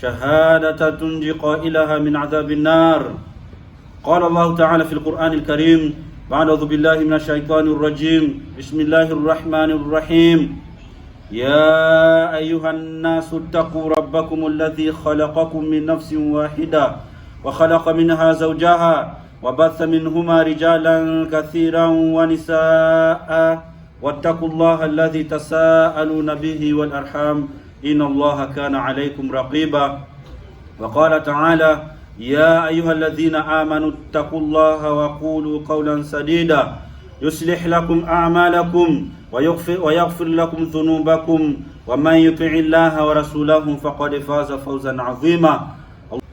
شهادة تنجي قائلها من عذاب النار قال الله تعالى في القرآن الكريم أعوذ بالله من الشيطان الرجيم بسم الله الرحمن الرحيم يا أيها الناس اتقوا ربكم الذي خلقكم من نفس واحدة وخلق منها زوجها وبث منهما رجالا كثيرا ونساء واتقوا الله الذي تساءلون به والأرحام inna Allaha kana alaykum raqiba wa qala ta'ala ya ayuha alladhina amanu taqullaha wa qulu qawlan sadida yuslih lakum a'malakum wa yaghfir lakum dhunubakum wa man yuti'i Allaha wa rasulahu faqad faza fawzan 'azima.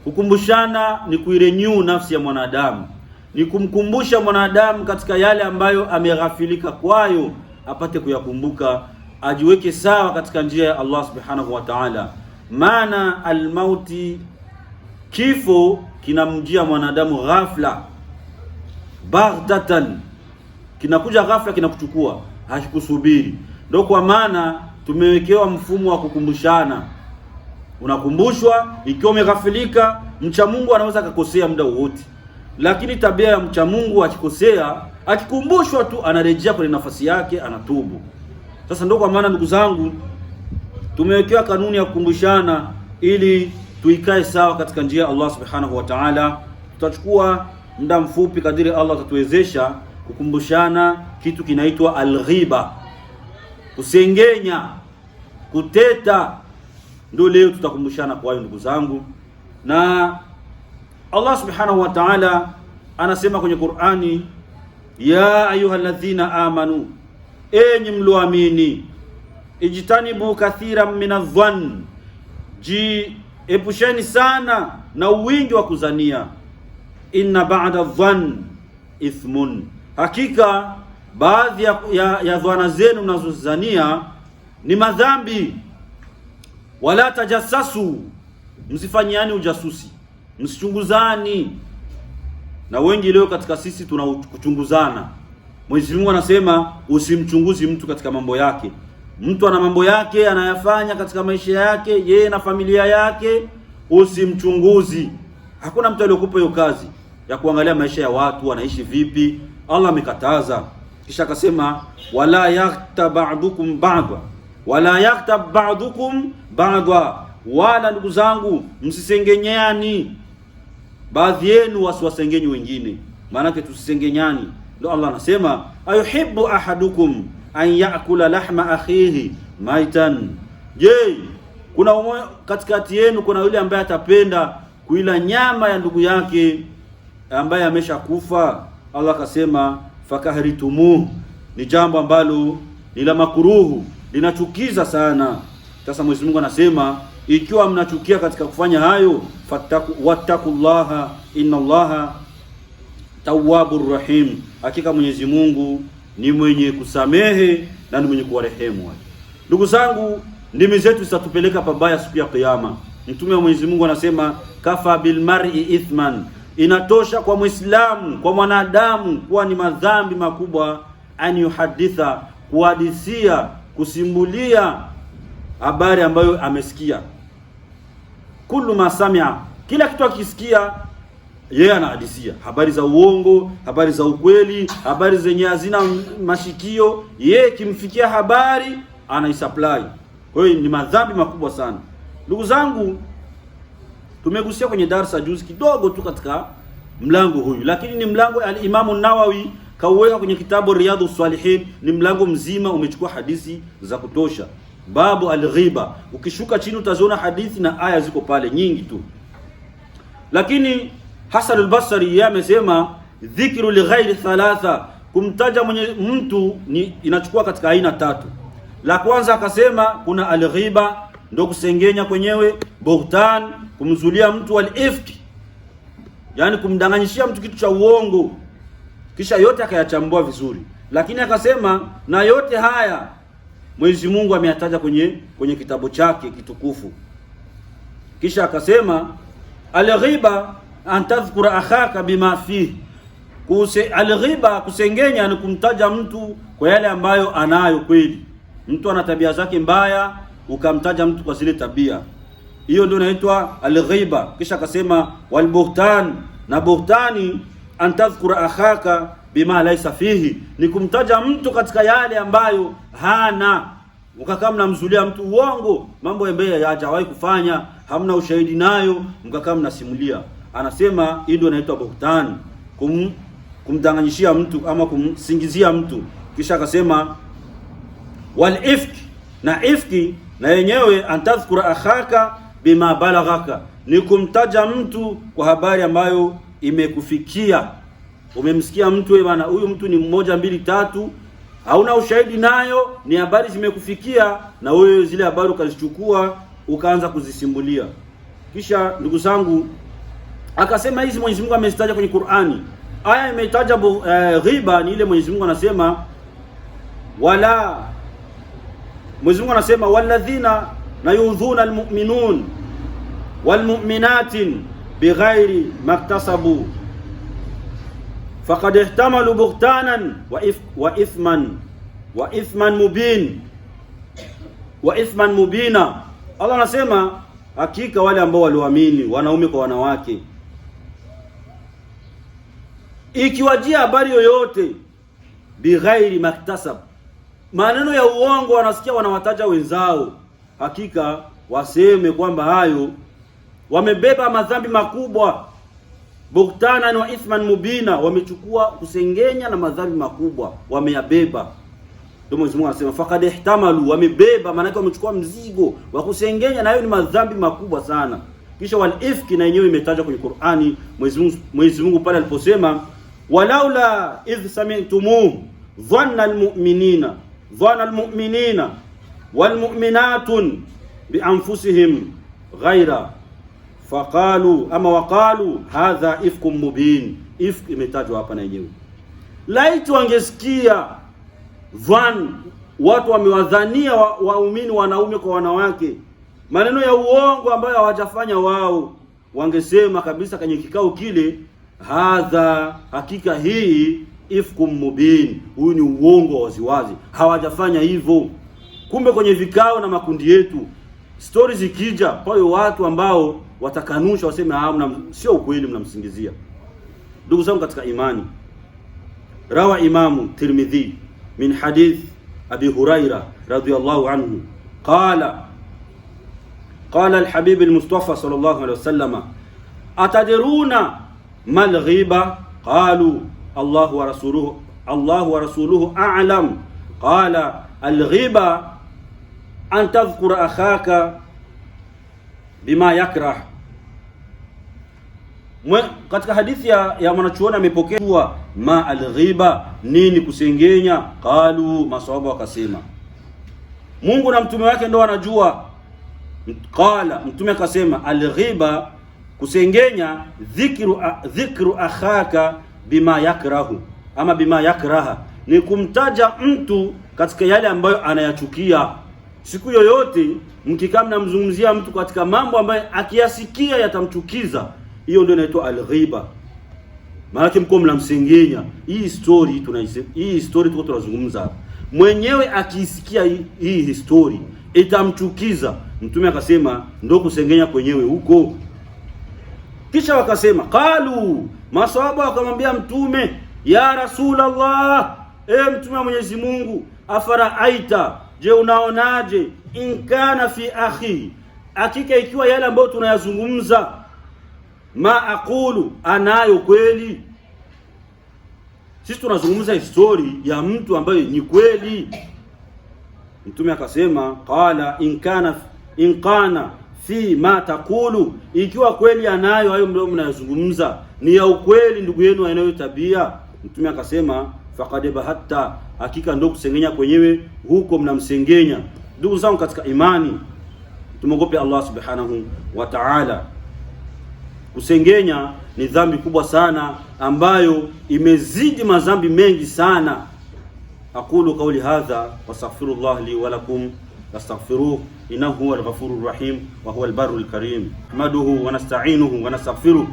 Kukumbushana ni kuirenew nafsi ya mwanadamu, ni kumkumbusha mwanadamu katika yale ambayo ameghafilika kwayo apate kuyakumbuka ajiweke sawa katika njia ya Allah subhanahu wa ta'ala. Maana almauti, kifo kinamjia mwanadamu ghafla, baghtatan, kinakuja ghafla, kinakuchukua hakikusubiri. Ndio kwa maana tumewekewa mfumo wa kukumbushana, unakumbushwa ikiwa umeghafilika. Mcha Mungu anaweza akakosea muda wowote, lakini tabia ya mcha Mungu akikosea, akikumbushwa tu anarejea kwenye nafasi yake, anatubu. Sasa ndio kwa maana ndugu zangu, tumewekewa kanuni ya kukumbushana ili tuikae sawa katika njia ya Allah subhanahu wa ta'ala. Tutachukua muda mfupi kadiri Allah atatuwezesha kukumbushana kitu kinaitwa alghiba, kusengenya, kuteta. Ndio leo tutakumbushana kwa hiyo ndugu zangu, na Allah subhanahu wa ta'ala anasema kwenye Qur'ani, ya ayuha alladhina amanu enyi mlioamini, ijtanibu kathiran minadhann, jiepusheni sana na uwingi wa kuzania. Inna ba'da dhwan ithmun, hakika baadhi ya, ya, ya dhwana zenu mnazozania ni madhambi. Wala tajassasu, msifanyiani ujasusi, msichunguzani. Na wengi leo katika sisi tuna kuchunguzana Mwenyezi Mungu anasema usimchunguzi mtu katika mambo yake. Mtu ana mambo yake anayafanya katika maisha yake, yeye na familia yake, usimchunguzi. Hakuna mtu aliyokupa hiyo kazi ya kuangalia maisha ya watu wanaishi vipi. Allah amekataza, kisha akasema wala yakta ba'dukum badwa wala yakta ba'dukum ba'da, wala ndugu zangu msisengenyani, baadhi yenu wasiwasengenye wengine, maanake tusisengenyani. Ndio Allah anasema ayuhibbu ahadukum an yakula lahma akhihi maitan, je, kuna katikati yenu kuna yule ambaye atapenda kuila nyama ya ndugu yake ambaye ameshakufa? Allah akasema fakahritumuh ni jambo ambalo ni la makuruhu, linachukiza sana. Sasa Mwenyezi Mungu anasema ikiwa mnachukia katika kufanya hayo, wattaqullaha inna allaha tawwabur rahim Hakika Mwenyezi Mungu ni mwenye kusamehe na ni mwenye kuwarehemu. Ndugu zangu, ndimi zetu zitatupeleka pabaya siku ya Kiyama. Mtume wa Mwenyezi Mungu anasema kafa bilmari ithman, inatosha kwa Mwislamu, kwa mwanadamu kuwa ni madhambi makubwa, an yuhaditha, kuhadithia, kusimulia habari ambayo amesikia, kullu ma samia, kila kitu akisikia yeye yeah, anahadisia habari za uongo, habari za ukweli, habari zenye hazina mashikio. Yeye yeah, kimfikia habari anaisupply. Kwa hiyo ni madhambi makubwa sana, ndugu zangu. Tumegusia kwenye darsa juzi kidogo tu katika mlango huyu, lakini ni mlango Alimamu Nawawi kauweka kwenye kitabu Riyadu Salihin, ni mlango mzima umechukua hadithi za kutosha. Babu alghiba, ukishuka chini utaziona hadithi na aya ziko pale nyingi tu, lakini Hasan al-Basri yeye amesema dhikru li ghairi thalatha, kumtaja mwenye mtu ni inachukua katika aina tatu. La kwanza akasema kuna alghiba, ndo kusengenya kwenyewe, buhtan, kumzulia mtu, alifki, yani kumdanganyishia mtu kitu cha uongo, kisha yote akayachambua vizuri, lakini akasema na yote haya Mwenyezi Mungu ameyataja kwenye kwenye kitabu chake kitukufu. Kisha akasema alghiba an akhaka bima fihi kuse, alghiba kusengenya ni kumtaja mtu kwa yale ambayo anayo kweli. Mtu ana tabia zake mbaya, ukamtaja mtu kwa zile tabia, hiyo ndio inaitwa alghiba. Kisha akasema walbuhtan, na buhtani an akhaka bima laisa fihi, ni kumtaja mtu katika yale ambayo hana ukakaa mnamzulia mtu uongo, mambo ambayo hajawahi kufanya, hamna ushahidi nayo, mkakaa mnasimulia anasema hii ndio inaitwa buhtani, kum kumdanganyishia mtu ama kumsingizia mtu. Kisha akasema wal ifk, na ifki na yenyewe antadhkura akhaka bima balaghaka, ni kumtaja mtu kwa habari ambayo imekufikia. Umemsikia mtu wewe eh, bana, huyu mtu ni mmoja mbili tatu, hauna ushahidi nayo, ni habari zimekufikia, na wewe zile habari ukazichukua ukaanza kuzisimbulia. Kisha ndugu zangu Akasema hizi Mwenyezi Mungu amezitaja kwenye Qur'ani. Aya imetaja eh, ghiba ni ile Mwenyezi Mungu anasema wala Mwenyezi Mungu anasema walladhina na yudhuna almu'minun walmu'minatin bighairi maktasabu faqad ihtamalu buhtanan wa, if, wa ithman wa ithman mubin wa ithman mubina. Allah anasema hakika wale ambao walioamini wanaume kwa wanawake ikiwajia habari yoyote bighairi maktasab, maneno ya uongo wanasikia, wanawataja wenzao, hakika waseme kwamba hayo wamebeba madhambi makubwa, buktanan wa ithman mubina, wamechukua kusengenya na madhambi makubwa wameyabeba. Ndio Mwenyezi Mungu anasema faqad ihtamalu, wamebeba maanake wamechukua mzigo wa kusengenya, na hayo ni madhambi makubwa sana. Kisha walifki, na yenyewe imetajwa kwenye Qur'ani, Mwenyezi Mungu pale aliposema walaula idh samitumuh dhanna almu'minina dhanna almu'minina walmu'minatu bianfusihim ghaira faqalu ama waqalu hadha ifkum mubin. Ifk imetajwa hapa na yenyewe. Laiti wangesikia dhan, watu wamewadhania waumini wa wanaume kwa wanawake maneno ya uongo ambayo hawajafanya wao, wangesema kabisa kwenye kikao kile hadha, hakika hii ifkum mubin, huyu ni uongo wa waziwazi, hawajafanya hivyo. Kumbe kwenye vikao na makundi yetu stori zikija pale, watu ambao watakanusha waseme ah, mna sio ukweli, mnamsingizia. Ndugu zangu katika imani, rawa Imamu Tirmidhi min hadith Abi Huraira radhiyallahu anhu qala qala al-Habib al-Mustafa sallallahu alayhi wasallama atadiruna mal ghiba qalu Allah wa rasuluhu Allah wa rasuluhu a'lam qala alghiba an tadhkura akhaka bima yakrah. Mwe, katika hadithi ya, ya mwanachuoni amepokea kuwa ma alghiba nini kusengenya, qalu maswahaba wakasema Mungu na mtume wake ndo wanajua. Qala mtume akasema alghiba kusengenya dhikru, dhikru akhaka bima yakrahu ama bima yakraha ni kumtaja mtu katika yale ambayo anayachukia. Siku yoyote mkikaa mnamzungumzia mtu katika mambo ambayo akiyasikia yatamchukiza, hiyo ndio inaitwa alghiba. Maanake mko mnamsengenya. Hii story tunaise, hii story tuko tunazungumza mwenyewe akiisikia hii, hii story itamchukiza. Mtume akasema ndio kusengenya kwenyewe huko. Kisha wakasema qalu, maswahaba wakamwambia Mtume, ya Rasulallah, e Mtume wa Mwenyezi Mungu, afaraaita, je unaonaje, inkana fi akhi, hakika ikiwa yale ambayo tunayazungumza, ma aqulu, anayo kweli? Sisi tunazungumza histori ya mtu ambaye ni kweli. Mtume akasema qala inkana inkana fi ma takulu, ikiwa kweli anayo hayo mdomo mnayozungumza ni ya ukweli, ndugu yenu anayo tabia. Mtume akasema faqad bahatta, hakika ndio kusengenya kwenyewe huko mnamsengenya. Ndugu zangu katika imani, tumogope Allah subhanahu wa ta'ala. Kusengenya ni dhambi kubwa sana ambayo imezidi madhambi mengi sana. Aqulu qawli hadha astaghfirullah li wa lakum nastaghfiruh innahu huwal ghafurur rahim wa huwal barrul karim nahmaduhu wa nasta'inuhu wa nastaghfiruh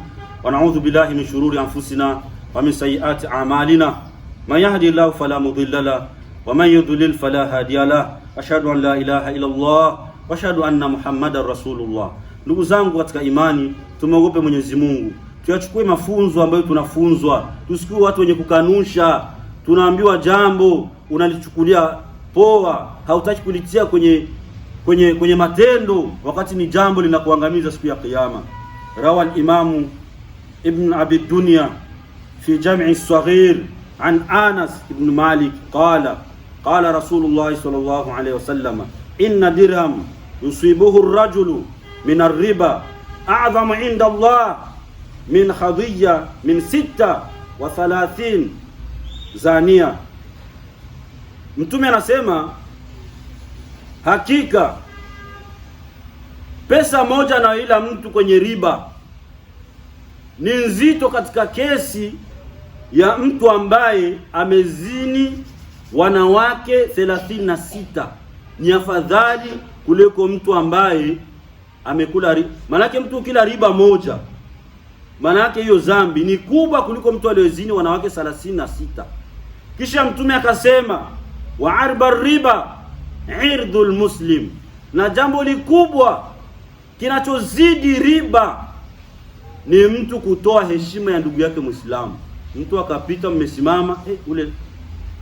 wa na'udhu billahi min shururi anfusina wa min sayyiati a'malina man yahdi yahdihillahu fala mudilla lahu wa man yudlil fala hadiya lahu ashhadu an la ilaha illa Allah wa ashhadu anna muhammadan rasulullah. Ndugu zangu katika imani, tumeogope Mwenyezi Mungu, tuyachukue mafunzo ambayo tunafunzwa, tusikue watu wenye kukanusha. Tunaambiwa jambo unalichukulia poa hautaki kulitia kwenye kwenye kwenye matendo, wakati ni jambo linakuangamiza siku ya Kiyama. Rawa limamu Ibn Abi Dunya fi Jami Saghir an Anas Ibn Malik qala qala Rasulullah sallallahu alayhi wasallam inna dirham yusibuhu ar-rajulu min ar-riba a'zamu inda Allah min khadhiya min sita wa thalathin zania. Mtume anasema Hakika pesa moja anayoila mtu kwenye riba ni nzito katika kesi ya mtu ambaye amezini wanawake thelathini na sita ni afadhali kuliko mtu ambaye amekula riba. Maanake mtu kila riba moja, maanake hiyo dhambi ni kubwa kuliko mtu aliyezini wanawake thelathini na sita. Kisha Mtume akasema wa arba riba irdhul muslim, na jambo likubwa kinachozidi riba ni mtu kutoa heshima ya ndugu yake Muislamu. Mtu akapita mmesimama, hey, eh, ule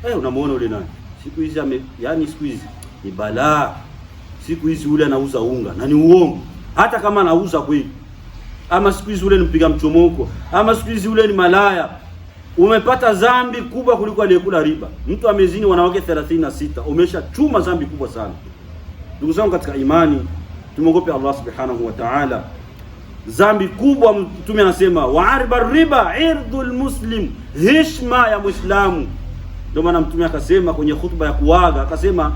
hey, eh, unamwona ule nani? siku hizi ame, yani siku hizi ni balaa. Siku hizi ule anauza unga na ni uongo, hata kama anauza kweli, ama siku hizi ule ni mpiga mchomoko, ama siku hizi ule ni malaya umepata dhambi kubwa kuliko aliyekula riba. Mtu amezini wanawake 36, umeshachuma dhambi kubwa sana. Ndugu zangu katika imani, tumeogope Allah subhanahu wa ta'ala. Dhambi kubwa, mtume anasema waarba riba irdul muslim, heshima ya Muislamu. Ndio maana mtume akasema kwenye khutba ya kuaga akasema,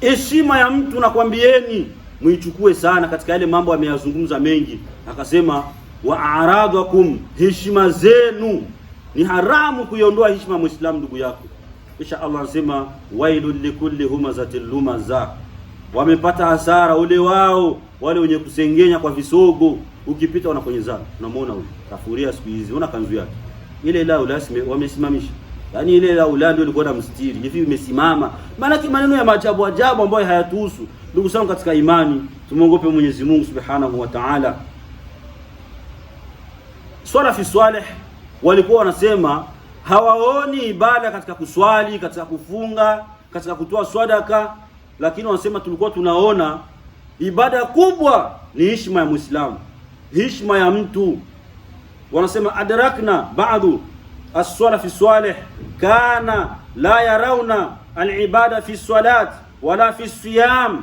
heshima ya mtu nakwambieni, muichukue sana katika yale mambo ameyazungumza mengi, akasema wa aradhakum, heshima zenu ni haramu kuiondoa heshima muislamu ndugu yako. Kisha Allah anasema wailul likulli humazatil lumaza, wamepata hasara ule wao wale wenye kusengenya kwa visogo. Ukipita wanakonyezana, Unamuona huyo kafuria siku hizi, una kanzu yake ile la ulasme, wamesimamisha yaani ile la ndio ilikuwa na mstiri hivi imesimama. Maana Maanake maneno ya maajabu ajabu ambayo hayatuhusu. Ndugu zangu katika imani, tumuogope Mwenyezi Mungu subhanahu wa ta'ala. Salafi swaleh walikuwa wanasema hawaoni ibada katika kuswali, katika kufunga, katika kutoa swadaka, lakini wanasema tulikuwa tunaona ibada kubwa ni heshima ya Muislamu, heshima ya mtu. Wanasema adrakna badu as-salafi salih kana la yarawna al-ibada fi salat wala fi siyam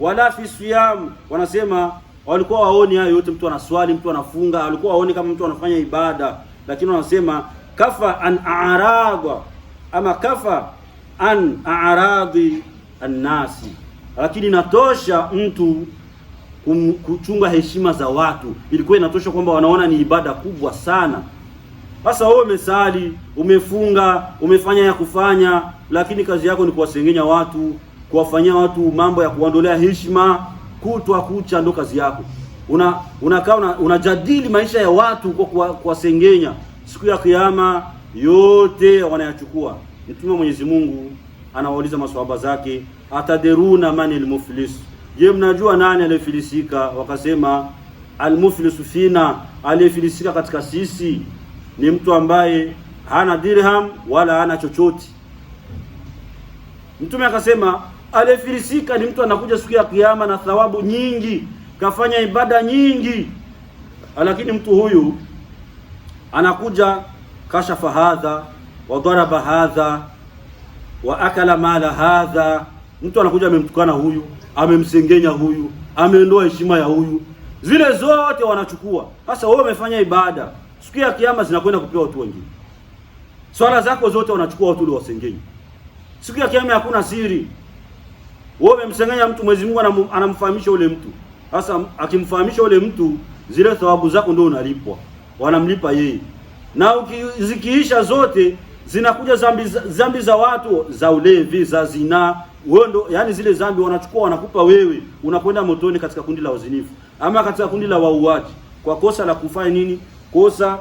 wala fi siyam, wanasema walikuwa waoni hayo yote, mtu anaswali, mtu anafunga, walikuwa waoni kama mtu anafanya ibada, lakini wanasema kafa an aradha ama kafa an aradhi annasi, lakini inatosha mtu kuchunga heshima za watu. Ilikuwa inatosha kwamba wanaona ni ibada kubwa sana. Sasa wewe umesali, umefunga, umefanya ya kufanya, lakini kazi yako ni kuwasengenya watu, kuwafanyia watu mambo ya kuondolea heshima kutwa kucha ndo kazi yako. Una unakaa unajadili maisha ya watu kwa kuwasengenya. Siku ya Kiyama yote wanayachukua. Mtume wa Mwenyezi Mungu anawauliza maswahaba zake, ataderuna mani almuflis, je, mnajua nani aliyefilisika? Wakasema, almuflisu fina, aliyefilisika katika sisi ni mtu ambaye hana dirham wala hana chochote. Mtume akasema Alifilisika ni mtu anakuja siku ya Kiyama na thawabu nyingi, kafanya ibada nyingi, lakini mtu huyu anakuja kashafa hadha wa dharaba hadha wa akala mala hadha. Mtu anakuja amemtukana huyu, amemsengenya huyu, ameondoa heshima ya huyu, zile zote wanachukua. Sasa wewe umefanya ibada, siku ya Kiyama zinakwenda kupewa watu wengine, swala zako zote wanachukua watu wasengenye. Siku ya Kiyama hakuna siri wewe umemsengenya mtu, Mwenyezi Mungu anamfahamisha yule mtu. Sasa akimfahamisha yule mtu, zile thawabu zako ndio unalipwa, wanamlipa yeye, na zikiisha zote zinakuja zambi, zambi za watu za ulevi, za zinaa wewe ndo yani, zile zambi wanachukua wanakupa wewe, unakwenda motoni katika kundi la wazinifu, ama katika kundi la wauaji, kwa kosa la kufanya nini? Kosa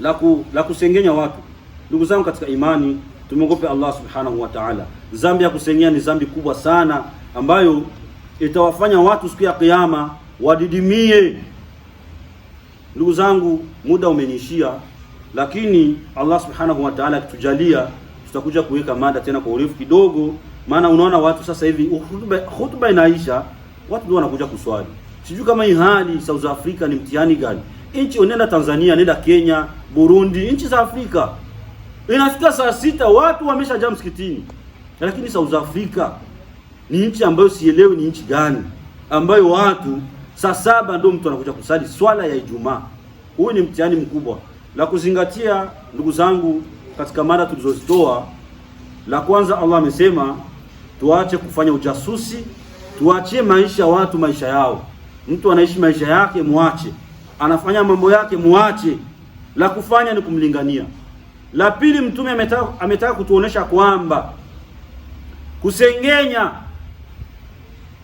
la ku, la kusengenya watu. Ndugu zangu katika imani Tumwogope Allah subhanahu wa ta'ala. Dhambi ya kusengenya ni dhambi kubwa sana ambayo itawafanya watu siku ya Kiyama wadidimie. Ndugu zangu, muda umenishia, lakini Allah subhanahu wa ta'ala akitujalia, tutakuja kuweka mada tena kwa urefu kidogo, maana unaona watu sasa hivi hutuba, hutuba inaisha, watu ndio wanakuja kuswali. Sijui kama hii hali South Africa ni mtihani gani? Nchi, nenda Tanzania, nenda Kenya, Burundi, nchi za Afrika inafika saa sita watu wameshajaa msikitini. Lakini South Africa ni nchi ambayo sielewi ni nchi gani ambayo watu saa saba ndio mtu anakuja kusali swala ya Ijumaa. Huyu ni mtihani mkubwa la kuzingatia, ndugu zangu, katika mada tulizozitoa. La kwanza, Allah amesema tuache kufanya ujasusi, tuachie maisha watu maisha yao. Mtu anaishi maisha yake, muache, anafanya mambo yake, muache. La kufanya ni kumlingania. La pili, mtume ametaka, ametaka kutuonesha kwamba kusengenya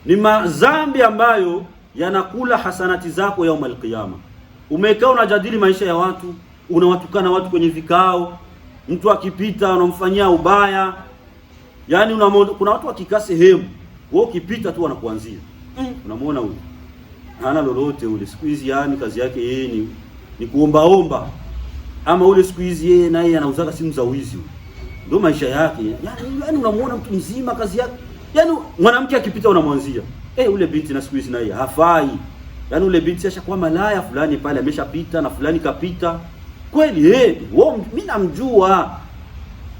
ni madhambi ambayo yanakula hasanati zako yaumul qiyama. Umekaa unajadili maisha ya watu, unawatukana watu kwenye vikao, mtu akipita unamfanyia ubaya, yaani kuna watu wakikaa sehemu, wewe ukipita tu wanakuanzia mm. Unamwona huyu hana lolote ule siku hizi, yani kazi yake yeye ni, ni kuombaomba ama ule siku hizi yeye naye anauzaka simu za wizi, ndio maisha yake. Yani, yani unamuona mtu mzima kazi yake, yani mwanamke akipita unamwanzia eh, ule binti na siku hizi naye hafai. Yani ule binti ashakuwa malaya fulani pale, ameshapita na fulani kapita kweli. Eh, wao mimi namjua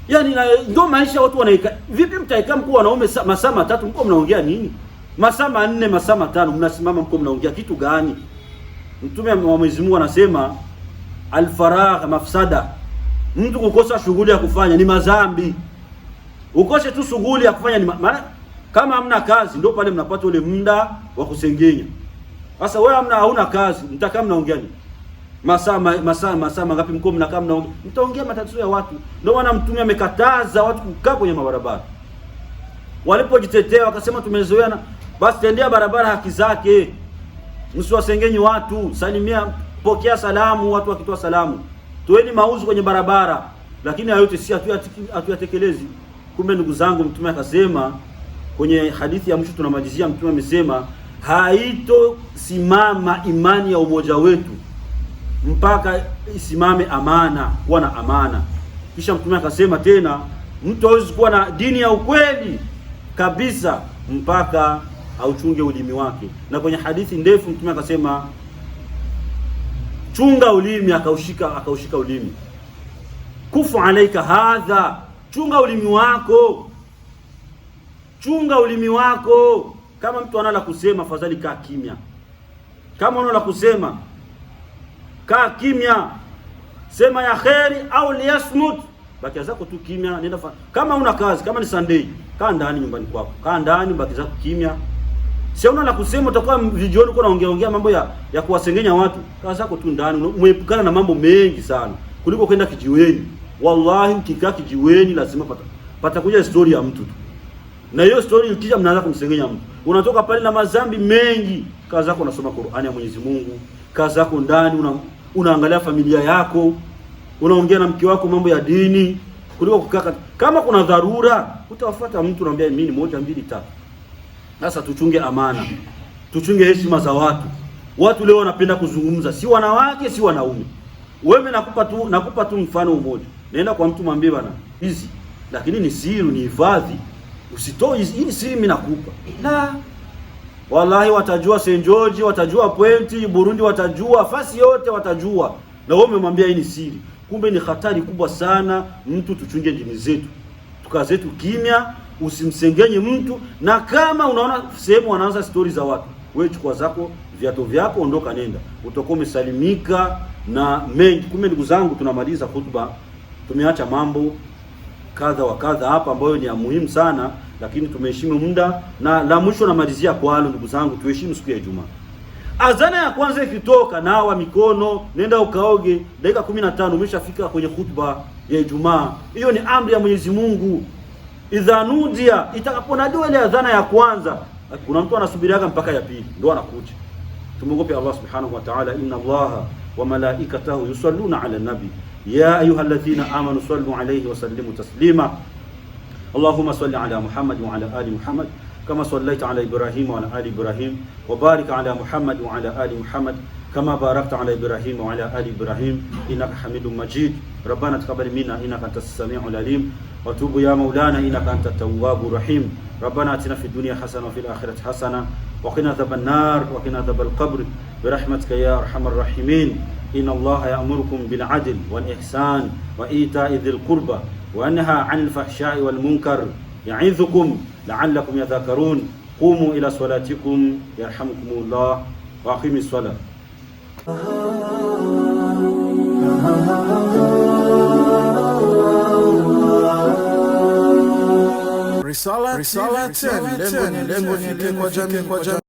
yani, na ndio maisha watu wanaika. Vipi mtaika mkuu wanaume masaa matatu, mko mnaongea nini? Masaa manne, masaa matano, mnasimama mko mnaongea kitu gani? Mtume wa Mwenyezi Mungu anasema alfaragh mafsada. Mtu kukosa shughuli ya kufanya ni madhambi, ukose tu shughuli ya kufanya ni maana, kama hamna kazi ndio pale mnapata ule muda wa kusengenya. Sasa wewe hamna, hauna kazi, mtakaa mnaongea ni masaa masaa masaa mangapi mko mnakaa mnaongea, mtaongea matatizo ya watu. Ndio maana Mtume amekataza watu kukaa kwenye mabarabara. Walipojitetea wakasema tumezoeana, basi tendea barabara haki zake, msiwasengenye watu, salimia pokea salamu, watu wakitoa salamu, toeni mauzo kwenye barabara, lakini hayo yote si hatuyatekelezi. Kumbe ndugu zangu, mtume akasema kwenye hadithi ya mwisho tunamalizia, mtume amesema haitosimama imani ya umoja wetu mpaka isimame amana, kuwa na amana. Kisha mtume akasema tena, mtu hawezi kuwa na dini ya ukweli kabisa mpaka auchunge ulimi wake, na kwenye hadithi ndefu mtume akasema chunga ulimi, akaushika akaushika ulimi. Kufu alaika hadha, chunga ulimi wako, chunga ulimi wako. Kama mtu anala kusema, fadhali kaa kimya. Kama la kusema, kaa kimya, sema ya kheri au liyasmut, bakia zako tu kimya. Nenda kama una kazi, kama ni Sunday, kaa ndani nyumbani kwako, kaa ndani, bakia zako kimya. Si una la kusema utakuwa vijioni uko naongea ongea mambo ya ya kuwasengenya watu. Kazi zako tu ndani umeepukana na mambo mengi sana kuliko kwenda kijiweni. Wallahi ukikaa kijiweni lazima pata pata kuja story ya mtu tu. Na hiyo story ukija mnaanza kumsengenya mtu. Unatoka pale na madhambi mengi. Kazi zako unasoma Qur'ani ya Mwenyezi Mungu. Kazi zako ndani una, unaangalia familia yako. Unaongea na mke wako mambo ya dini kuliko kukaa kama kuna dharura utawafuata mtu unamwambia mimi ni moja mbili tatu. Sasa tuchunge amana, tuchunge heshima za watu. Watu leo wanapenda kuzungumza, si wanawake si wanaume. Wewe nakupa tu nakupa tu mfano mmoja, naenda kwa mtu mwambie bana hizi, lakini ni siri, ni hifadhi, usitoe hii siri. Mimi nakupa la wallahi, watajua St George, watajua Pointi Burundi, watajua fasi yote watajua, na wewe umemwambia hii ni siri. Kumbe ni hatari kubwa sana. Mtu tuchunge ndimi zetu, tukazetu kimya usimsengenye mtu, na kama unaona sehemu wanaanza stori za watu, wewe chukua zako viatu vyako, ondoka, nenda, utakuwa umesalimika na mengi. Kumbe ndugu zangu, tunamaliza hutuba, tumeacha mambo kadha wa kadha hapa ambayo ni ya muhimu sana, lakini tumeheshimu muda, na la mwisho namalizia kwalo, ndugu zangu, tuheshimu siku ya Ijumaa. Azana ya kwanza ikitoka, nawa mikono, nenda ukaoge, dakika 15 umeshafika kwenye hutuba ya Ijumaa. Hiyo ni amri ya Mwenyezi Mungu idha nudia, itakaponajua ile adhana ya kwanza. Kuna mtu anasubiriaga mpaka ya pili ndio anakuja. Tumuogope Allah subhanahu wa ta'ala, inna Allaha wa malaikatahu yusalluna ala nabi ya ayyuhalladhina amanu sallu alayhi wa sallimu taslima Allahumma salli ala Muhammad wa ala ali Muhammad kama sallaita ala Ibrahim wa ala ali Ibrahim wa barik ala Muhammad wa ala ali Muhammad كما باركت على إبراهيم وعلى آل إبراهيم إنك حميد مجيد ربنا تقبل منا إنك أنت السميع العليم وتوب يا مولانا إنك أنت التواب الرحيم ربنا آتنا في الدنيا حسنة وفي الآخرة حسنة وقنا عذاب النار وقنا عذاب القبر برحمتك يا أرحم الراحمين إن الله يأمركم بالعدل والإحسان وإيتاء ذي القربى وأنهى عن الفحشاء والمنكر يعظكم لعلكم يذكرون قوموا إلى صلاتكم يرحمكم الله وأقيموا الصلاة Risala, risala 10, lengo ni